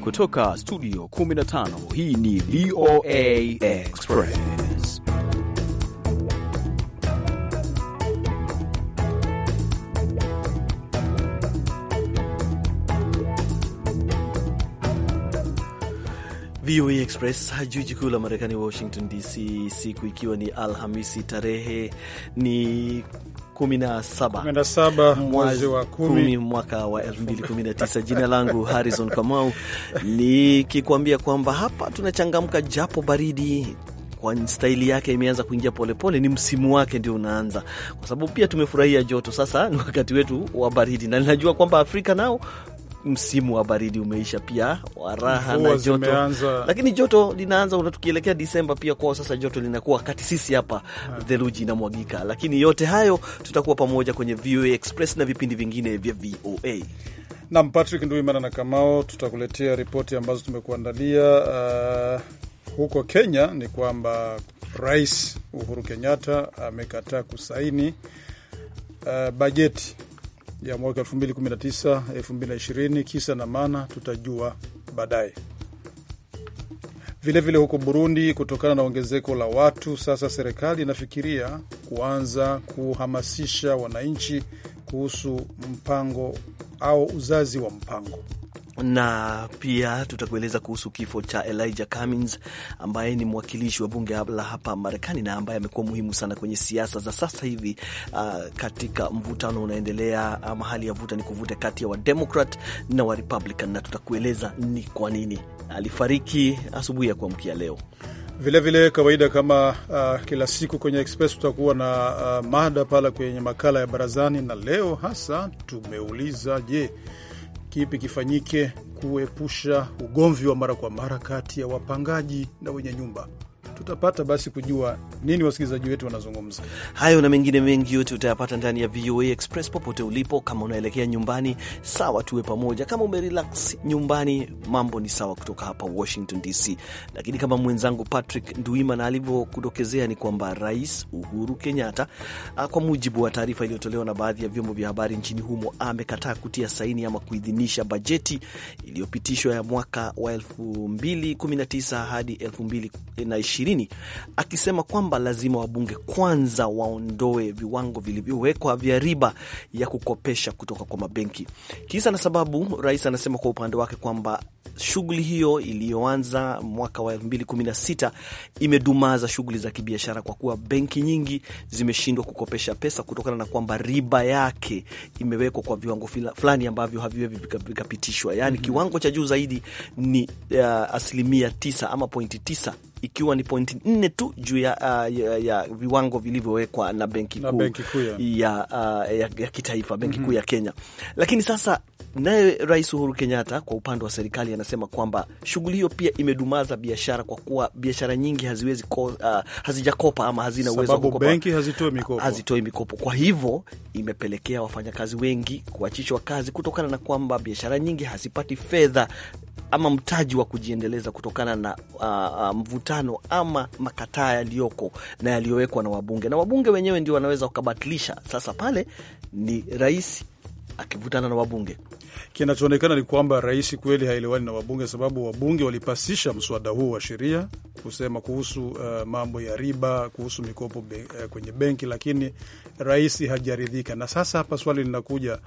Kutoka studio 15 hii ni VOA Express. VOA Express, jiji kuu la Marekani, Washington DC, siku ikiwa ni Alhamisi, tarehe ni 17 mwezi wa 10 mwaka wa 2019. Jina langu Harrison Kamau nikikwambia kwamba hapa tunachangamka japo baridi kwa staili yake imeanza kuingia polepole, ni msimu wake ndio unaanza, kwa sababu pia tumefurahia joto. Sasa ni wakati wetu wa baridi, na ninajua kwamba Afrika nao msimu wa baridi umeisha, pia wa raha na joto zimeanza. Lakini joto linaanza tukielekea Disemba pia kwao, sasa joto linakuwa wakati sisi hapa theluji inamwagika. Lakini yote hayo tutakuwa pamoja kwenye VOA Express na vipindi vingine vya VOA nam Patrick Nduimana na Kamao, tutakuletea ripoti ambazo tumekuandalia. Uh, huko Kenya ni kwamba Rais Uhuru Kenyatta amekataa kusaini uh, bajeti ya mwaka 2019 2020. Kisa na maana tutajua baadaye. Vilevile huko Burundi, kutokana na ongezeko la watu, sasa serikali inafikiria kuanza kuhamasisha wananchi kuhusu mpango au uzazi wa mpango na pia tutakueleza kuhusu kifo cha Elijah Cummings ambaye ni mwakilishi wa bunge la hapa Marekani na ambaye amekuwa muhimu sana kwenye siasa za sasa hivi, uh, katika mvutano unaendelea ama uh, hali ya vuta ni kuvuta kati ya Wademokrat na Warepublican, na tutakueleza ni kwa nini alifariki asubuhi ya kuamkia leo. Vilevile vile kawaida kama uh, kila siku kwenye Express tutakuwa na uh, mada pala kwenye makala ya barazani, na leo hasa tumeuliza je, kipi kifanyike kuepusha ugomvi wa mara kwa mara kati ya wapangaji na wenye nyumba? tutapata basi kujua nini wasikilizaji wetu wanazungumza. Hayo na mengine mengi yote utayapata ndani ya VOA Express popote ulipo. Kama unaelekea nyumbani, sawa, tuwe pamoja. Kama umerelax nyumbani, mambo ni sawa, kutoka hapa Washington DC. Lakini kama mwenzangu Patrick Nduimana alivyokudokezea, ni kwamba Rais Uhuru Kenyatta, ah, kwa mujibu wa taarifa iliyotolewa na baadhi ya vyombo vya habari nchini humo, amekataa kutia saini ama kuidhinisha bajeti iliyopitishwa ya mwaka wa 2019 hadi 2020 ishirini akisema kwamba lazima wabunge kwanza waondoe viwango vilivyowekwa vya riba ya kukopesha kutoka kwa mabenki. Kisa na sababu, rais anasema kwa upande wake kwamba shughuli hiyo iliyoanza mwaka wa 2016 imedumaza shughuli za kibiashara kwa kuwa benki nyingi zimeshindwa kukopesha pesa kutokana na kwamba riba yake imewekwa kwa viwango fulani ambavyo haviwezi vikapitishwa. Yani, mm -hmm. kiwango cha juu zaidi ni uh, asilimia tisa ama pointi tisa ikiwa ni pointi nne tu juu ya, uh, ya, ya viwango vilivyowekwa na benki kuu ya, ya, uh, ya, ya kitaifa benki mm -hmm. kuu mhm. ya Kenya. Lakini sasa naye Rais Uhuru Kenyatta kwa upande wa serikali anasema kwamba shughuli hiyo pia imedumaza biashara kwa kuwa biashara nyingi haziwezi ko, uh, hazijakopa ama hazina uwezo benki hazitoi mikopo. hazitoi mikopo. Kwa hivyo imepelekea wafanyakazi wengi kuachishwa kazi kutokana na kwamba biashara nyingi hazipati fedha ama mtaji wa kujiendeleza kutokana na uh, uh, mvutano ama makataa yaliyoko na yaliyowekwa na wabunge, na wabunge wenyewe ndio wanaweza wakabatilisha. Sasa pale ni rais akivutana na wabunge. Kinachoonekana ni kwamba rais kweli haelewani na wabunge, sababu wabunge walipasisha mswada huu wa sheria kusema kuhusu uh, mambo ya riba, kuhusu mikopo be, uh, kwenye benki, lakini rais hajaridhika. Na sasa hapa swali linakuja,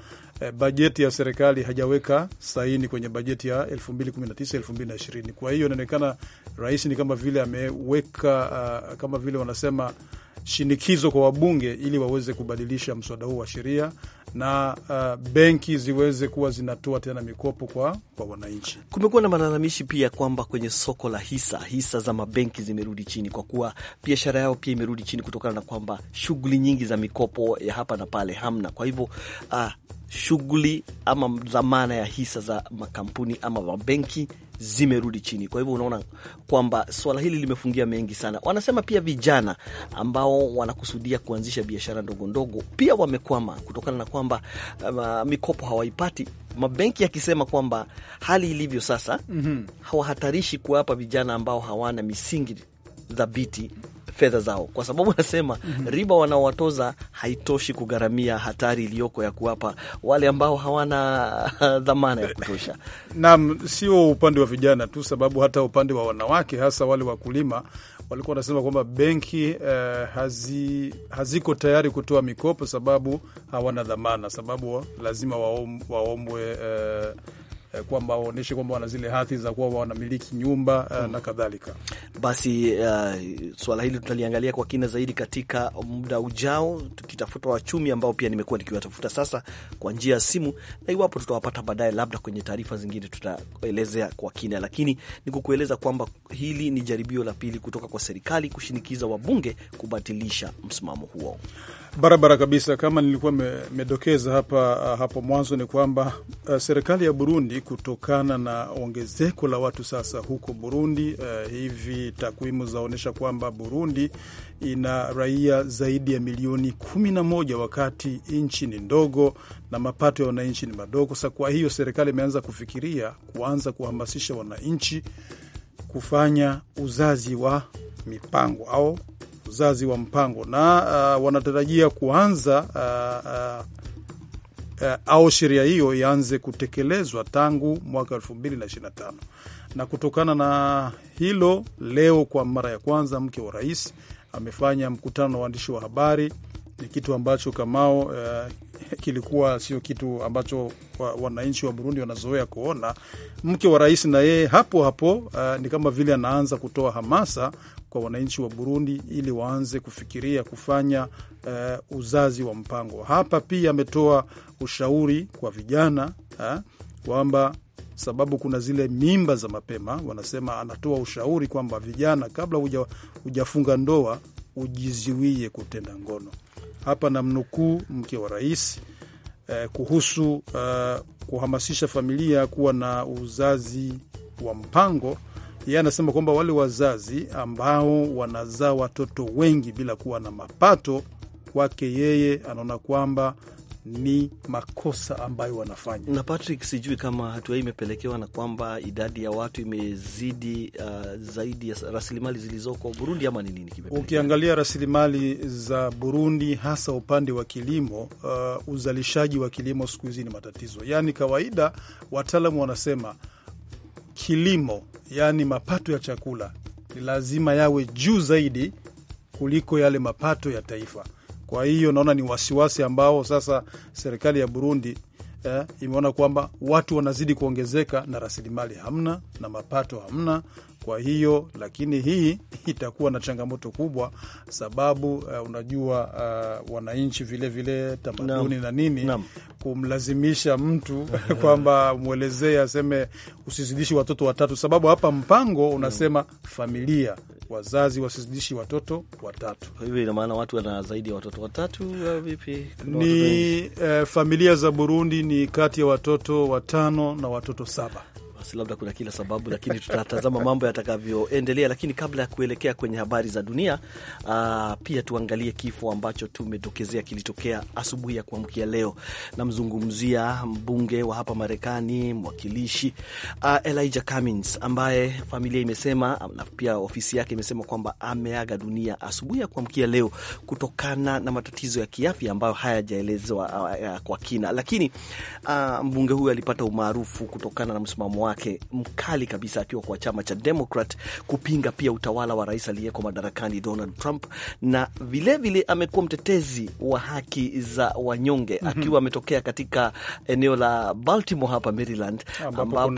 uh, bajeti ya serikali hajaweka saini kwenye bajeti ya 2019 2020. Kwa hiyo inaonekana rais ni kama vile ameweka uh, kama vile wanasema shinikizo kwa wabunge ili waweze kubadilisha mswada huu wa sheria na uh, benki ziweze kuwa zinatoa tena mikopo kwa, kwa wananchi. Kumekuwa na malalamishi pia kwamba kwenye soko la hisa, hisa za mabenki zimerudi chini, kwa kuwa biashara yao pia imerudi chini kutokana na kwamba shughuli nyingi za mikopo ya hapa na pale hamna. Kwa hivyo uh, shughuli ama dhamana ya hisa za makampuni ama mabenki zimerudi chini. Kwa hivyo unaona kwamba swala hili limefungia mengi sana. Wanasema pia vijana ambao wanakusudia kuanzisha biashara ndogo ndogo pia wamekwama kutokana na kwamba uh, mikopo hawaipati, mabenki yakisema kwamba hali ilivyo sasa mm -hmm. hawahatarishi kuwapa vijana ambao hawana misingi thabiti fedha zao, kwa sababu anasema mm -hmm. riba wanaowatoza haitoshi kugharamia hatari iliyoko ya kuwapa wale ambao hawana dhamana ya kutosha. Naam, sio upande wa vijana tu, sababu hata upande wa wanawake, hasa wale wakulima, walikuwa wanasema kwamba benki eh, hazi, haziko tayari kutoa mikopo sababu hawana dhamana, sababu lazima waom, waombwe eh, Eh, kwamba waonyeshe kwamba wana zile hadhi za kuwa wanamiliki nyumba hmm, na kadhalika. Basi uh, swala hili tutaliangalia kwa kina zaidi katika muda ujao, tukitafuta wachumi ambao pia nimekuwa nikiwatafuta sasa kwa njia ya simu, na iwapo tutawapata baadaye, labda kwenye taarifa zingine tutaelezea kwa kina, lakini ni kukueleza kwamba hili ni jaribio la pili kutoka kwa serikali kushinikiza wabunge kubatilisha msimamo huo barabara kabisa. Kama nilikuwa medokeza hapa hapo mwanzo, ni kwamba uh, serikali ya Burundi kutokana na ongezeko la watu sasa huko Burundi. Uh, hivi takwimu zaonyesha kwamba Burundi ina raia zaidi ya milioni kumi na moja wakati nchi ni ndogo na mapato ya wananchi ni madogo. Sa kwa hiyo serikali imeanza kufikiria kuanza kuhamasisha wananchi kufanya uzazi wa mipango au uzazi wa mpango na uh, wanatarajia kuanza uh, uh, uh, au sheria hiyo ianze kutekelezwa tangu mwaka 2025. Na kutokana na hilo, leo kwa mara ya kwanza mke wa rais amefanya mkutano na waandishi wa habari ni kitu ambacho kamao uh, eh, kilikuwa sio kitu ambacho wananchi wa, wa Burundi wanazoea kuona. Mke wa rais na yeye hapo hapo uh, ni kama vile anaanza kutoa hamasa kwa wananchi wa Burundi ili waanze kufikiria kufanya uh, uzazi wa mpango. Hapa pia ametoa ushauri kwa vijana kwamba sababu kuna zile mimba za mapema, wanasema anatoa ushauri kwamba vijana, kabla ujafunga ndoa ujiziwie kutenda ngono hapa na mnukuu mke wa rais eh, kuhusu uh, kuhamasisha familia kuwa na uzazi wa mpango. Yeye anasema kwamba wale wazazi ambao wanazaa watoto wengi bila kuwa na mapato, kwake yeye anaona kwamba ni makosa ambayo wanafanya. Na Patrick, sijui kama hatua hii imepelekewa na kwamba idadi ya watu imezidi uh, zaidi ya rasilimali zilizoko Burundi ama ni nini Ukiangalia rasilimali za Burundi hasa upande wa kilimo, uh, uzalishaji wa kilimo siku hizi ni matatizo. Yaani kawaida wataalamu wanasema kilimo, yaani mapato ya chakula ni lazima yawe juu zaidi kuliko yale mapato ya taifa. Kwa hiyo naona ni wasiwasi ambao sasa serikali ya Burundi eh, imeona kwamba watu wanazidi kuongezeka na rasilimali hamna na mapato hamna. Kwa hiyo lakini hii itakuwa na changamoto kubwa, sababu uh, unajua uh, wananchi vilevile tamaduni na nini kumlazimisha mtu kwamba mwelezee aseme usizidishi watoto watatu, sababu hapa mpango unasema Naam. familia wazazi wasizidishi watoto watatu. Hivi ina maana watu wana zaidi ya watoto watatu vipi? Ni eh, familia za Burundi ni kati ya watoto watano na watoto saba basi labda kuna kila sababu, lakini tutatazama mambo yatakavyoendelea. Lakini kabla ya kuelekea kwenye habari za dunia, uh, pia tuangalie kifo ambacho tumetokezea kilitokea asubuhi ya kuamkia leo. Namzungumzia mbunge wa hapa Marekani, mwakilishi uh, Elijah Cummings ambaye familia imesema na pia ofisi yake imesema kwamba ameaga dunia asubuhi ya kuamkia leo kutokana na matatizo ya kiafya ambayo hayajaelezwa uh, uh, kwa kina, lakini uh, mbunge huyu alipata umaarufu kutokana na msimamo wake wake mkali kabisa, akiwa kwa chama cha Democrat kupinga pia utawala wa rais aliyeko madarakani Donald Trump, na vilevile amekuwa mtetezi wa haki za wanyonge mm -hmm. akiwa ametokea katika eneo la Baltimore hapa Maryland, ambapo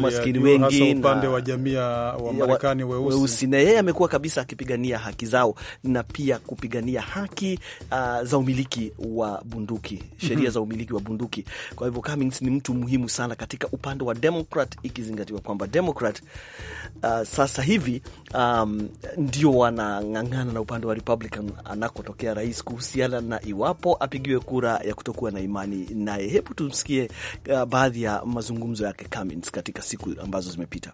maskini wengi upande wa jamii wa Marekani weusi, na yeye amekuwa kabisa akipigania haki zao na pia kupigania haki uh, za umiliki wa bunduki, sheria mm -hmm. za umiliki wa bunduki. Kwa hivyo Cummings ni mtu muhimu sana katika upande wa demokrat ikizingatiwa kwamba demokrat uh, sasa hivi um, ndio wanang'ang'ana na upande wa Republican anakotokea rais kuhusiana na iwapo apigiwe kura ya kutokuwa na imani naye. Hebu tumsikie uh, baadhi ya mazungumzo yake Cummins katika siku ambazo zimepita.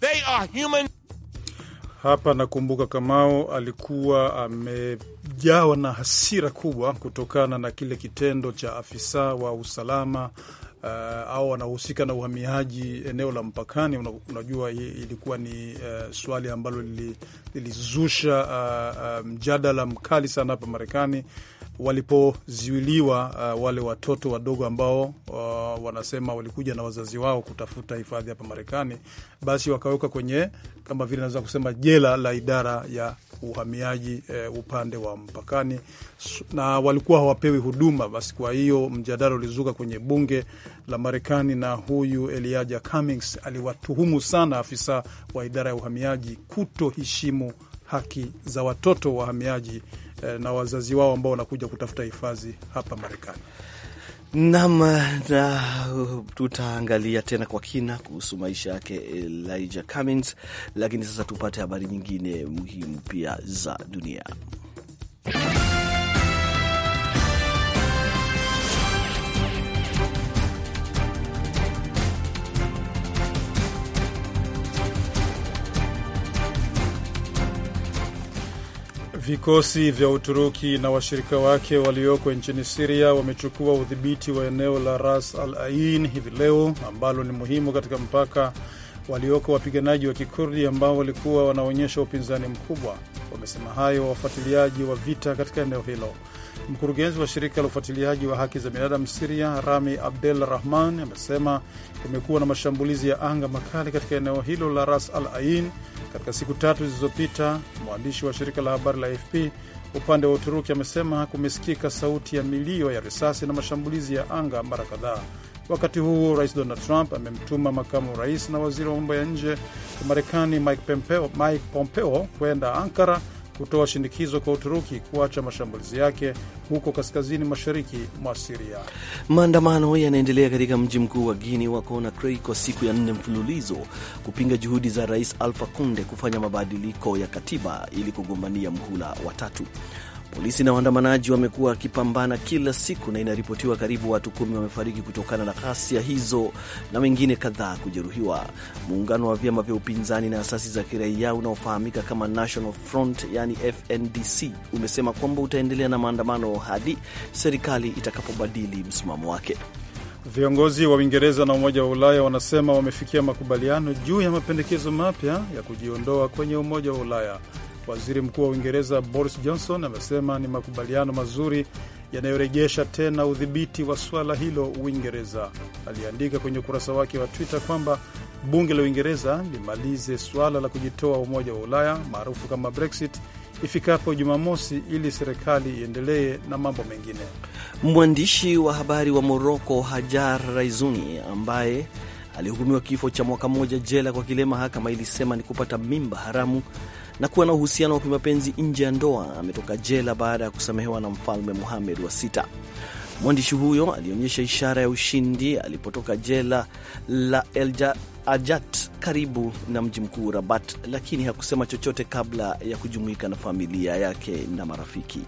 They are human hapa nakumbuka Kamao alikuwa amejawa na hasira kubwa kutokana na kile kitendo cha afisa wa usalama uh, au wanahusika na uhamiaji eneo la mpakani. Unajua, ilikuwa ni uh, swali ambalo lilizusha uh, uh, mjadala mkali sana hapa Marekani walipoziwiliwa uh, wale watoto wadogo ambao uh, wanasema walikuja na wazazi wao kutafuta hifadhi hapa Marekani, basi wakawekwa kwenye kama vile naweza kusema jela la idara ya uhamiaji eh, upande wa mpakani, na walikuwa hawapewi huduma. Basi kwa hiyo mjadala ulizuka kwenye bunge la Marekani, na huyu Elijah Cummings aliwatuhumu sana afisa wa idara ya uhamiaji kutoheshimu haki za watoto wahamiaji eh, na wazazi wao ambao wanakuja kutafuta hifadhi hapa Marekani. Nam na, uh, tutaangalia tena kwa kina kuhusu maisha yake Elijah Cummings, lakini sasa tupate habari nyingine muhimu pia za dunia. Vikosi vya Uturuki na washirika wake walioko nchini Siria wamechukua udhibiti wa eneo la Ras al Ain hivi leo, ambalo ni muhimu katika mpaka walioko wapiganaji wa Kikurdi ambao walikuwa wanaonyesha upinzani mkubwa. Wamesema hayo wafuatiliaji wa vita katika eneo hilo. Mkurugenzi wa shirika la ufuatiliaji wa haki za binadamu Siria, Rami Abdel Rahman, amesema kumekuwa na mashambulizi ya anga makali katika eneo hilo la Ras Al Ain katika siku tatu zilizopita. Mwandishi wa shirika la habari la AFP upande wa Uturuki amesema kumesikika sauti ya milio ya risasi na mashambulizi ya anga mara kadhaa. Wakati huu Rais Donald Trump amemtuma makamu rais na waziri wa mambo ya nje wa Marekani Mike Pompeo, Mike Pompeo kwenda Ankara kutoa shinikizo kwa Uturuki kuacha mashambulizi yake huko kaskazini mashariki mwa Siria. Maandamano yanaendelea katika mji mkuu wa Guini wa Conakry kwa siku ya nne mfululizo kupinga juhudi za Rais alfa Conde kufanya mabadiliko ya katiba ili kugombania mhula watatu. Polisi na waandamanaji wamekuwa wakipambana kila siku na inaripotiwa karibu watu kumi wamefariki kutokana na ghasia hizo na wengine kadhaa kujeruhiwa. Muungano wa vyama vya upinzani na asasi za kiraia unaofahamika kama National Front, yani FNDC, umesema kwamba utaendelea na maandamano hadi serikali itakapobadili msimamo wake. Viongozi wa Uingereza na Umoja wa Ulaya wanasema wamefikia makubaliano juu ya mapendekezo mapya ya kujiondoa kwenye Umoja wa Ulaya. Waziri Mkuu wa Uingereza Boris Johnson amesema ni makubaliano mazuri yanayorejesha tena udhibiti wa suala hilo Uingereza. Aliandika kwenye ukurasa wake wa Twitter kwamba bunge la Uingereza limalize suala la kujitoa Umoja wa Ulaya maarufu kama Brexit ifikapo Jumamosi ili serikali iendelee na mambo mengine. Mwandishi wa habari wa Moroko Hajar Raizuni ambaye alihukumiwa kifo cha mwaka mmoja jela kwa kile mahakama ilisema ni kupata mimba haramu na kuwa na uhusiano wa kimapenzi nje ya ndoa. Ametoka jela baada ya kusamehewa na Mfalme Muhamed wa Sita. Mwandishi huyo alionyesha ishara ya ushindi alipotoka jela la Elja Ajat karibu na mji mkuu Rabat, lakini hakusema chochote kabla ya kujumuika na familia yake na marafiki.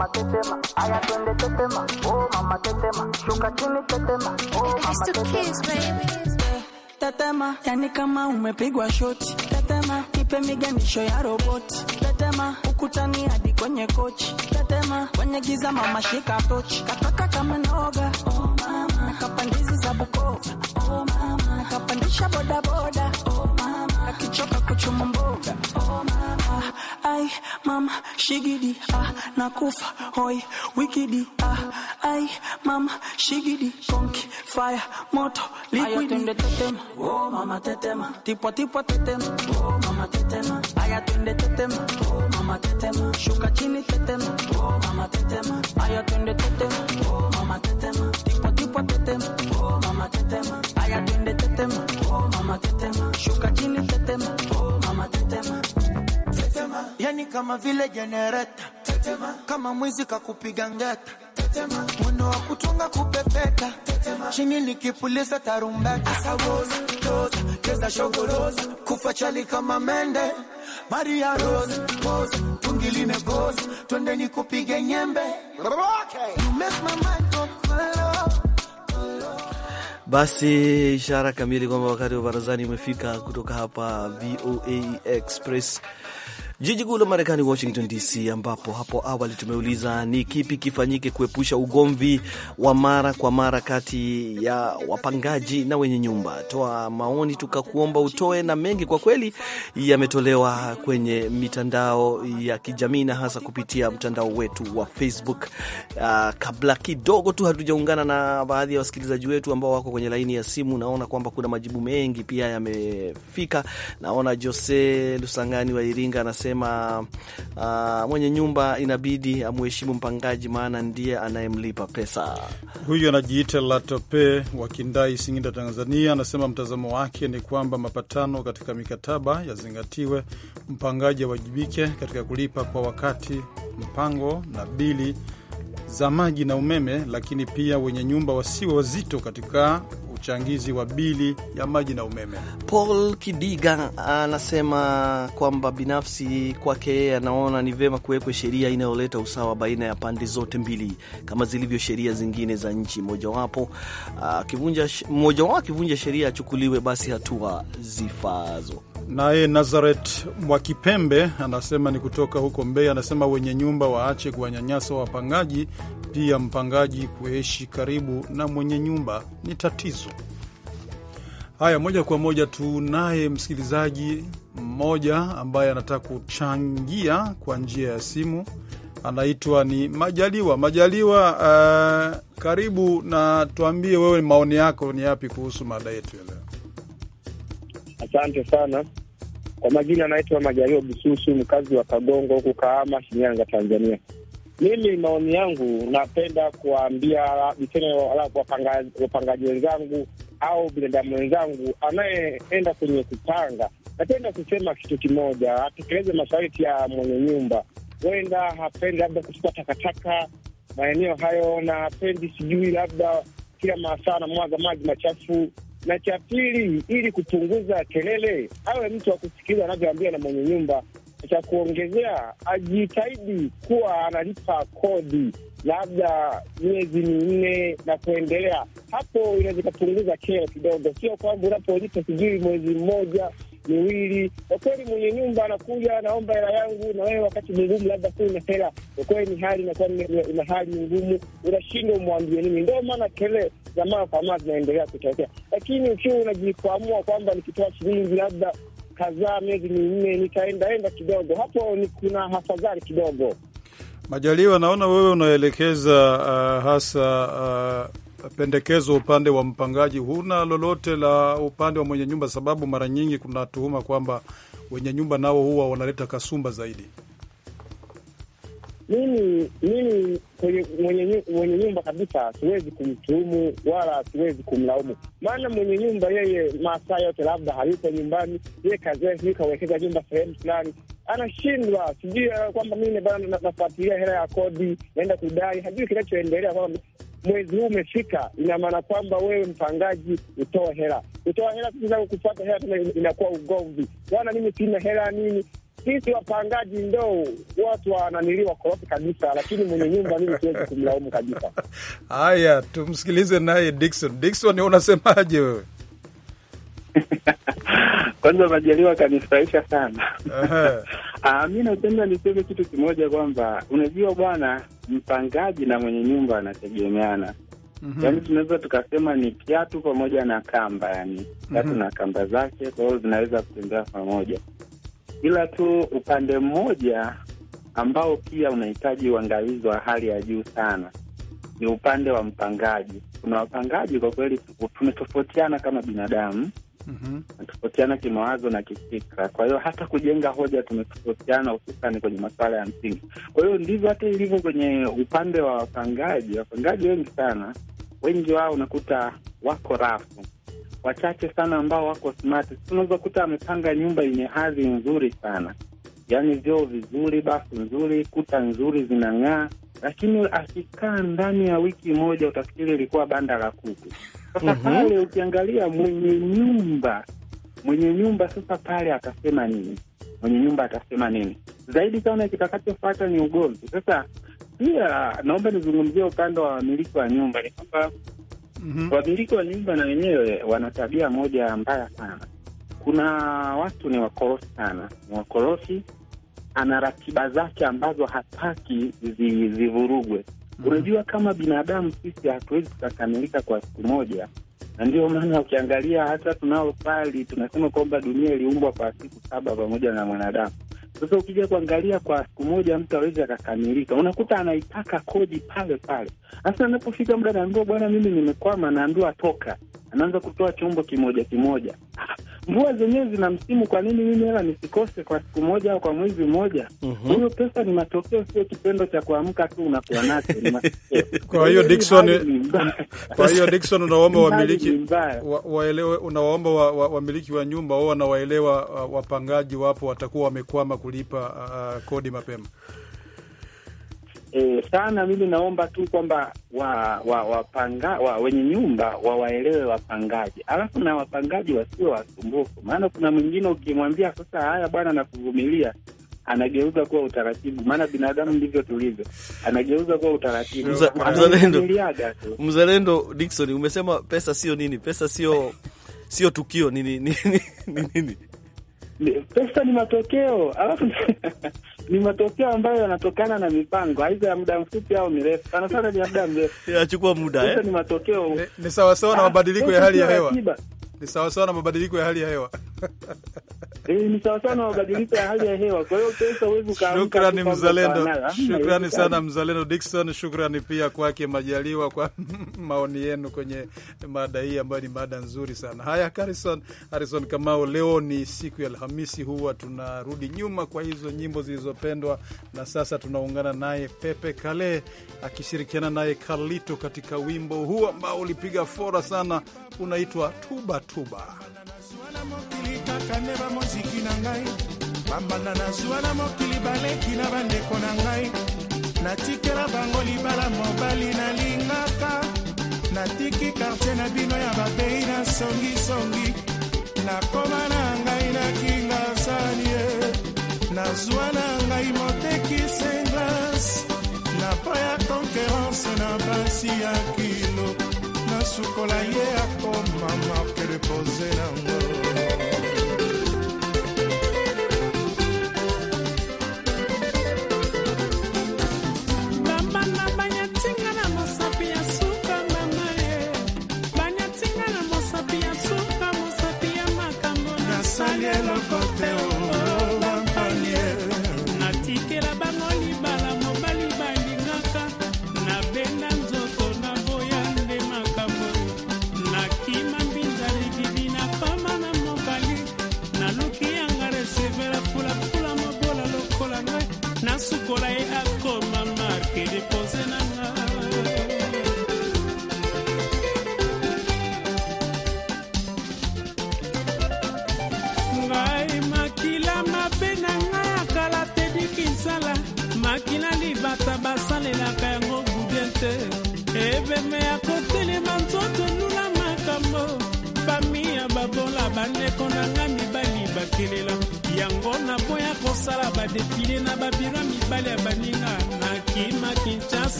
mama tetema, aya twende tetema, oh mama tetema, shuka chini tetema, oh mama tetema tetema, yani kama umepigwa shoti tetema, ipe miganisho ya roboti tetema, ukutani hadi kwenye kochi tetema, kwenye giza mama shika tochi, kataka kama noga oh mama, kapandizi za Bukoba oh mama, kapandisha bodaboda oh mama, akichoka kuchuma mboga oh mama ai mam shigidi ah nakufa hoi wikidi ah ai mam shigidi konki fire moto liquidi ayo tetema oh mama tetema tipwa tipwa tetema oh mama tetema aya twende tetema oh mama tetema shuka chini tetema oh mama tetema aya twende tetema oh mama tetema tipwa tipwa tetema oh mama tetema aya twende tetema oh mama tetema shuka chini tetema Yani kama vile jenereta Tetema. Kama mwizi kakupiga ngeta Tetema. Mwendo wa kutunga kupepeta Tetema. Chini nikipuliza tarumbeta Asawoza, toza, keza shogoloza Kufa chali kama mende Maria Rose, pose, tungiline pose Twende nikupige nyembe okay. You make my mind go color basi ishara kamili kwamba wakati wa barazani umefika, kutoka hapa VOA Express jiji kuu la Marekani, Washington DC, ambapo hapo awali tumeuliza ni kipi kifanyike kuepusha ugomvi wa mara kwa mara kati ya wapangaji na wenye nyumba. Toa maoni tukakuomba utoe, na mengi kwa kweli yametolewa kwenye mitandao ya kijamii na hasa kupitia mtandao wetu wa Facebook. Uh, kabla kidogo tu hatujaungana na baadhi ya wasikilizaji wetu ambao wako kwenye laini ya simu, naona kwamba kuna majibu mengi pia yamefika. Naona Jose Lusangani wa Iringa anasema anasema uh, mwenye nyumba inabidi amuheshimu mpangaji, maana ndiye anayemlipa pesa. Huyu anajiita Latope wa Kindai, Singida, Tanzania, anasema mtazamo wake ni kwamba mapatano katika mikataba yazingatiwe, mpangaji awajibike katika kulipa kwa wakati mpango na bili za maji na umeme, lakini pia wenye nyumba wasiwe wazito katika uchangizi wa bili ya maji na umeme. Paul Kidiga anasema kwamba binafsi kwake yeye anaona ni vyema kuwekwe sheria inayoleta usawa baina ya pande zote mbili kama zilivyo sheria zingine za nchi. Mojawapo mmoja ah, wao akivunja sheria achukuliwe basi hatua zifaazo. Naye Nazaret Mwakipembe anasema ni kutoka huko Mbeya, anasema wenye nyumba waache kuwanyanyasa wapangaji pia mpangaji kuishi karibu na mwenye nyumba ni tatizo. Haya, moja kwa moja tunaye msikilizaji mmoja ambaye anataka kuchangia kwa njia ya simu. Anaitwa ni Majaliwa. Majaliwa, uh, karibu na tuambie wewe maoni yako ni yapi kuhusu mada yetu ya leo? Asante sana. Kwa majina anaitwa Majaliwa Bususu, mkazi wa Kagongo huku Kahama, Shinyanga, Tanzania. Mimi maoni yangu, napenda kuwaambia mseme wapangaji wenzangu au binadamu wenzangu, anayeenda kwenye kupanga, napenda kusema kitu kimoja, atekeleze masharti ya mwenye nyumba. Huenda hapendi labda kutupa takataka maeneo hayo, na hapendi sijui labda kila masaa anamwaga maji machafu na cha pili, ili kupunguza kelele, awe mtu wa kusikiliza anavyoambia na mwenye nyumba, cha kuongezea ajitahidi kuwa analipa kodi labda miezi minne na kuendelea. Hapo inaweza ikapunguza kero kidogo, sio kwamba unapolipa sijui mwezi mmoja miwili. Kwa kweli, mwenye nyumba anakuja, naomba hela yangu, na wewe wakati mgumu, labda na hela. Kwa kweli, ni hali inakuwa na hali ngumu, unashindwa umwambie nini. Ndio maana kelele za mara kwa mara zinaendelea kutokea, lakini ukiwa unajikwamua kwamba nikitoa shilingi labda kadhaa, miezi minne, nikaendaenda kidogo hapo, ni kuna hafadhali kidogo. Majaliwa, naona wewe unaelekeza uh, hasa uh pendekezo upande wa mpangaji, huna lolote la upande wa mwenye nyumba? Sababu mara nyingi kuna tuhuma kwamba wenye nyumba nao huwa wanaleta kasumba zaidi mimi mimi mwenye mwenye nyumba kabisa siwezi kumtuhumu wala siwezi kumlaumu, maana mwenye nyumba yeye masaa yote labda hayupo nyumbani, ye kazi kawekeza nyumba sehemu fulani, anashindwa sijui eh, kwamba mimi bana nafuatilia hela ya kodi, naenda kudai, hajui kinachoendelea kwamba mwezi huu umefika, ina maana kwamba wewe mpangaji utoa hela, utoa hela, kufuata hela inakuwa ugomvi, bwana mimi sina hela nini sisi wapangaji ndoo watu wananiliwa korofi kabisa, lakini mwenye nyumba mimi siwezi kumlaumu kabisa. Haya, tumsikilize naye Dickson. Dickson, unasemaje wewe? Kwanza Majaliwa akanifurahisha sana. Ah, mi napenda niseme kitu kimoja kwamba unajua bwana, mpangaji na mwenye nyumba anategemeana. Mm -hmm. Yaani tunaweza tukasema ni kiatu pamoja na kamba, yani mhm. kiatu mm -hmm. na kamba zake, kwa hiyo zinaweza kutembea pamoja ila tu upande mmoja ambao pia unahitaji uangalizi wa hali ya juu sana ni upande wa mpangaji. Kuna wapangaji kwa kweli tumetofautiana kama binadamu mm-hmm. kimawazo na kifikra, kwa hiyo hata kujenga hoja tumetofautiana, hususani kwenye masuala ya msingi. Kwa hiyo ndivyo hata ilivyo kwenye upande wa wapangaji. Wapangaji wengi sana, wengi wao unakuta wako rafu wachache sana ambao wako smart. Unaweza kuta amepanga nyumba yenye hadhi nzuri sana, yaani vyoo vizuri, bafu nzuri, kuta nzuri zinang'aa, lakini akikaa ndani ya wiki moja utafikiri ilikuwa banda la kuku. Sasa mm -hmm. pale ukiangalia mwenye nyumba mwenye nyumba sasa pale atasema nini? Mwenye nyumba atasema nini zaidi sana? Kitakachofuata ni ugomvi. Sasa pia naomba nizungumzie upande wa wamiliki wa nyumba, ni kwamba -hmm. Wamiliki wa nyumba na wenyewe wana tabia moja mbaya sana. Kuna watu ni wakorofi sana, ni wakorofi, ana ratiba zake ambazo hataki zivurugwe mm -hmm. Unajua, kama binadamu sisi hatuwezi tukakamilika kwa siku moja, na ndio maana ukiangalia hata tunaosali tunasema kwamba dunia iliumbwa kwa siku saba pamoja na mwanadamu sasa ukija kuangalia kwa siku moja mtu awezi akakamilika, unakuta anaitaka kodi pale pale. Hasa anapofika muda naambiwa, bwana, mimi nimekwama, naambiwa toka, anaanza kutoa chombo kimoja kimoja mvua zenyewe zina msimu. Kwa nini mimi hela nisikose kwa siku moja au kwa mwezi mmoja? Huyo mhm. uh Pesa ni matokeo, sio kitendo cha kuamka tu unakuwa nacho. Kwa hiyo yaani Dickson, kwa hiyo Dickson, unawaomba wamiliki wa, waelewe, unawaomba wa, wa, wamiliki wa nyumba wao wanawaelewa, uh, wapangaji wapo watakuwa wamekwama kulipa uh, uh kodi mapema e, sana. Mimi naomba tu kwamba wa, wa, wapanga, wa, wenye nyumba wawaelewe wapangaji, alafu na wapangaji wasiwe wasumbufu, maana kuna mwingine ukimwambia sasa, haya bwana, nakuvumilia anageuza kuwa utaratibu, maana binadamu ndivyo tulivyo, anageuza kuwa utaratibu. Mzalendo mzalendo Dickson, umesema pesa sio nini? Pesa sio sio tukio nini nini nini pesa ni matokeo, alafu ni matokeo ambayo yanatokana na mipango, aidha ya muda mfupi au mirefu. Sana sana ni ya muda mrefu, inachukua muda. Pesa eh? ni matokeo, ni sawasawa na ah, mabadiliko ya hali ya hewa ni sawasawa na mabadiliko ya hali ya hewa eh, ni sawasawa na mabadiliko ya hali ya hewa. Kwa hiyo pesa huwezi ukaamka. Shukrani mzalendo, shukrani eh, sana eh. mzalendo Dickson. Shukrani pia kwake Majaliwa kwa maoni yenu kwenye mada hii ambayo ni mada nzuri sana. Haya, Harrison, Harrison Kamau, leo ni siku ya Alhamisi, huwa tunarudi nyuma kwa hizo nyimbo zilizopendwa, na sasa tunaungana naye Pepe Kale akishirikiana naye Carlito katika wimbo huu ambao ulipiga fora sana, unaitwa Tuba tuba bambanda nazwa na mokili baleki na bandeko na ngai natikela bango libala mobali nalingaka natiki kartie na bino ya bapei na songisongi nakoma na ngai na kingasanie nazwa na ngai moteki senglas na po ya konkerance na basi ya kilo sukola ye akoma marke depose nango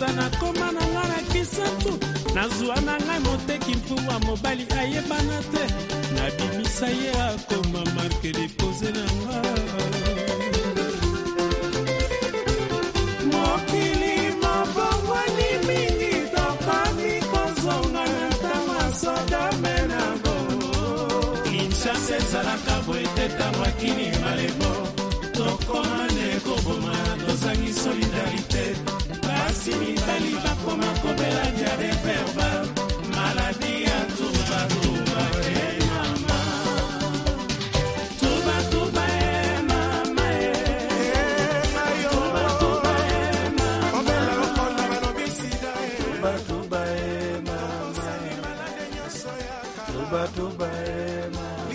kobebisa na koma na ngai na kisantu nazwa na ngai moteki mfuwa mobali ayebana te nabimisa ye akoma marke depose na nga mokili mabongwani mingi tokami kozonga na ntango sodame nango kinshasa ezalaka boye te ntango akili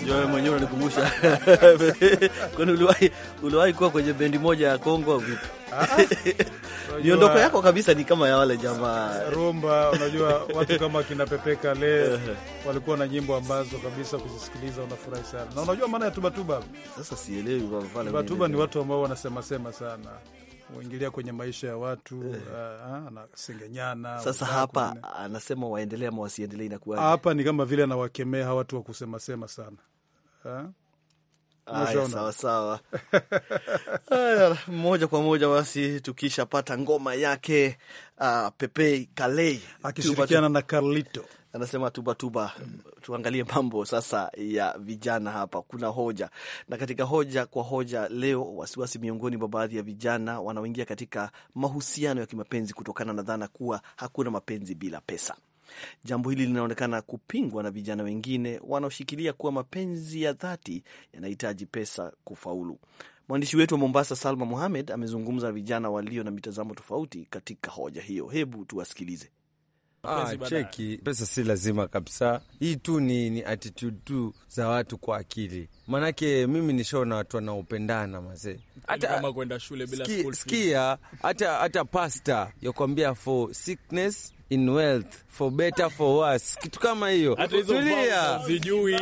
Ndio wewe mwenyewe unanikumbusha. Kwani uliwahi uliwahi kuwa kwenye bendi moja ya Kongo au vipi? Miondoko yako kabisa ni kama ya wale jamaa rumba. Unajua watu kama kina Pepeka le walikuwa na nyimbo ambazo kabisa kuzisikiliza unafurahi sana, na unajua maana ya tubatuba. Sasa sielewi kwa mfano tubatuba ni watu ambao wanasema sema sana uingilia kwenye maisha ya watu anasengenyana. Ah, ah, Sasa hapa anasema waendelee ama wasiendelee, inakuwa hapa ni kama vile anawakemea watu wa kusemasema sana Eh? Haya, sawa sawa. moja kwa moja basi, tukishapata ngoma yake uh, ah, Pepei Kalei akishirikiana na Carlito anasema tubatuba tuba. Hmm. Tuangalie mambo sasa ya vijana hapa. Kuna hoja na katika hoja kwa hoja leo, wasiwasi miongoni mwa baadhi ya vijana wanaoingia katika mahusiano ya kimapenzi kutokana na dhana kuwa hakuna mapenzi bila pesa. Jambo hili linaonekana kupingwa na vijana wengine wanaoshikilia kuwa mapenzi ya dhati yanahitaji pesa kufaulu. Mwandishi wetu wa Mombasa, Salma muhamed amezungumza na vijana walio na mitazamo tofauti katika hoja hiyo. Hebu tuwasikilize. Ah, cheki, pesa si lazima kabisa. Hii tu ni, ni attitude tu za watu kwa akili, manake mimi nishaona watu wanaopendana mazee, hata kwenda shule bila school fees. Sikia hata hata pasta yakwambia for sickness in wealth for better for worse, kitu kama hiyo. Tulia sijui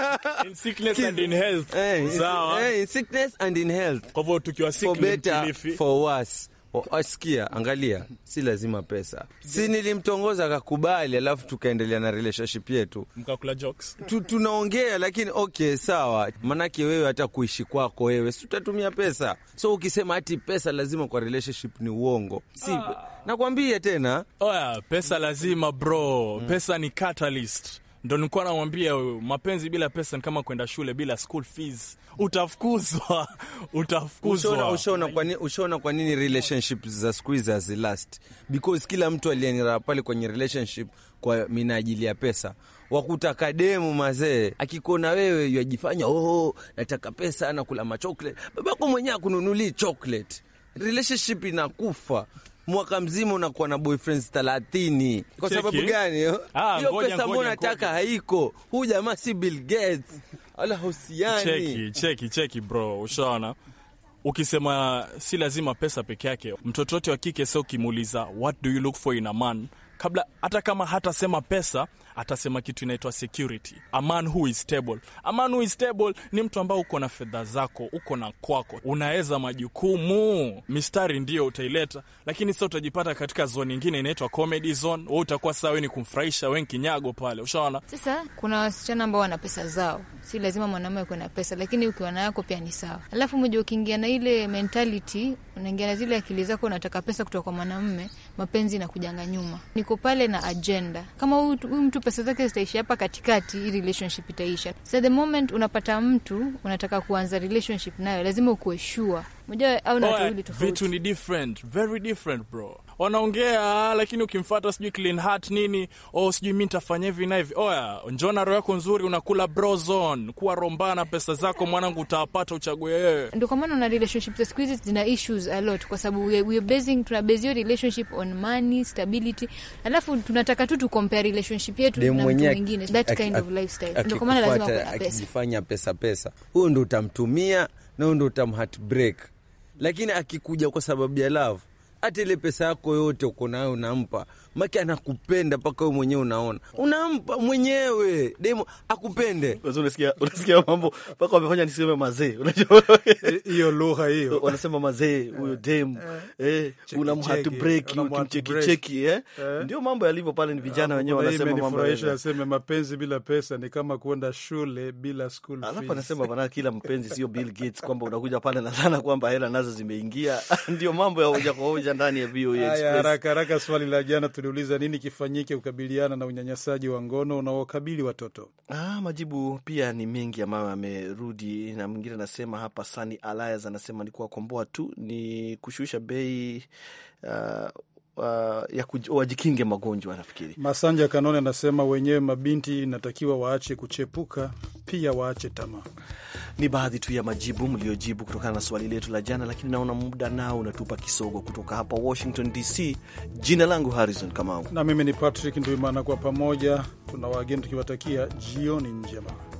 in sickness and in health, eh, sawa, eh, in sickness and in health, kwa hivyo tukiwa sick for better for worse Asikia, angalia, si lazima pesa, si nilimtongoza akakubali, alafu tukaendelea na relationship yetu, mkakula jokes tu, tunaongea lakini okay, sawa. Manake wewe hata kuishi kwako wewe si utatumia pesa, so ukisema ati pesa lazima kwa relationship ni uongo, si ah. Nakwambia tena oya, pesa lazima bro, mm. pesa ni catalyst Ndo nilikuwa namwambia mapenzi bila pesa ni kama kwenda shule bila school fees, utafukuzwa, utafukuzwa. Ushaona kwa nini, ushaona kwa nini relationship za siku hizi hazilast? Because kila mtu aliyenira pale kwenye relationship kwa minajili ya pesa, wakuta kademu mazee, akikuona wewe yajifanya oh, nataka pesa, nakula machoklet, babako mwenyewe akununulii chocolate, relationship inakufa mwaka mzima unakuwa na boyfriends thelathini. Kwa sababu gani? Eh? Ah, Hiyo pesa mbona nataka haiko? Huyu jamaa si Bill Gates wala husiani. Cheki, cheki, cheki bro, ushaona ukisema si lazima pesa peke yake. Mtoto wote wa kike sio, ukimuuliza what do you look for in a man, kabla hata kama hatasema pesa atasema kitu inaitwa security. A man who is stable. A man who is stable ni mtu ambaye uko na fedha zako, uko na kwako, unaweza majukumu. Mistari ndio utaileta, lakini sasa utajipata katika zone nyingine inaitwa comedy zone. Wewe utakuwa sawa ni kumfurahisha wewe kinyago pale, ushaona? Sasa kuna wasichana ambao wana pesa zao, si lazima mwanamume akuwe na pesa, lakini ukiwa na yako pia ni sawa. Alafu mmoja, ukiingia na ile mentality, unaingia na zile akili zako, unataka pesa kutoka kwa mwanamume, mapenzi na kujanga nyuma. Niko pale na agenda kama huyu mtu pesa zake zitaishia hapa katikati, hii relationship itaisha. So the moment unapata mtu unataka kuanza relationship nayo, lazima ukuwe sure mmoja au na watu wawili tofauti. Vitu ni different, very different bro. Wanaongea ah, lakini ukimfata sijui clean heart nini, oh sijui mi ntafanya hivi na hivi. Oya, njona roho yako nzuri unakula bro kuwa Kuwa na pesa zako mwanangu utawapata uchague wewe. Ndio kwa maana na relationship za siku hizi zina issues a lot kwa sababu we, we basing tuna base your relationship on money, stability. Alafu tunataka tu tu relationship yetu na mtu mwingine. That kind of lifestyle. Ndio kwa maana lazima kuna pesa. akijifanya pesa pesa. Huo ndio utamtumia nao ndo utamheartbreak, lakini akikuja kwa sababu ya love hata ile pesa yako yote uko nayo unampa, maki anakupenda mpaka wewe mwenyewe unaona, unampa mwenyewe demo akupende. Unasikia, unasikia mambo mpaka wamefanya niseme mazee, unajua hiyo lugha hiyo, wanasema mazee huyo demo eh, eh una mhatu break ukimcheki cheki eh? eh, ndio mambo yalivyo pale. Ni ah, vijana wenyewe wanasema mambo hayo, wanasema mapenzi bila pesa ni kama kwenda shule bila school fees. Alafu anasema bana, kila mpenzi sio Bill Gates, kwamba unakuja pale na sana kwamba hela nazo zimeingia, ndio mambo ya hoja kwa hoja kutoka ndani ya VOA e Express. Haraka haraka, swali la jana tuliuliza nini kifanyike kukabiliana na unyanyasaji wa ngono unaowakabili watoto. Ah, majibu pia ni mengi ambayo yamerudi, na mwingine anasema hapa, Sani Alliance anasema ni kuwakomboa tu, ni kushusha bei uh, Uh, ya wajikinge magonjwa. Nafikiri Masanja Kanone anasema wenyewe mabinti inatakiwa waache kuchepuka, pia waache tamaa. Ni baadhi tu ya majibu mliojibu kutokana na swali letu la jana, lakini naona muda nao unatupa kisogo. Kutoka hapa Washington DC, jina langu Harrison Kamau na mimi ni Patrick nduimana kwa pamoja tuna wageni tukiwatakia jioni njema.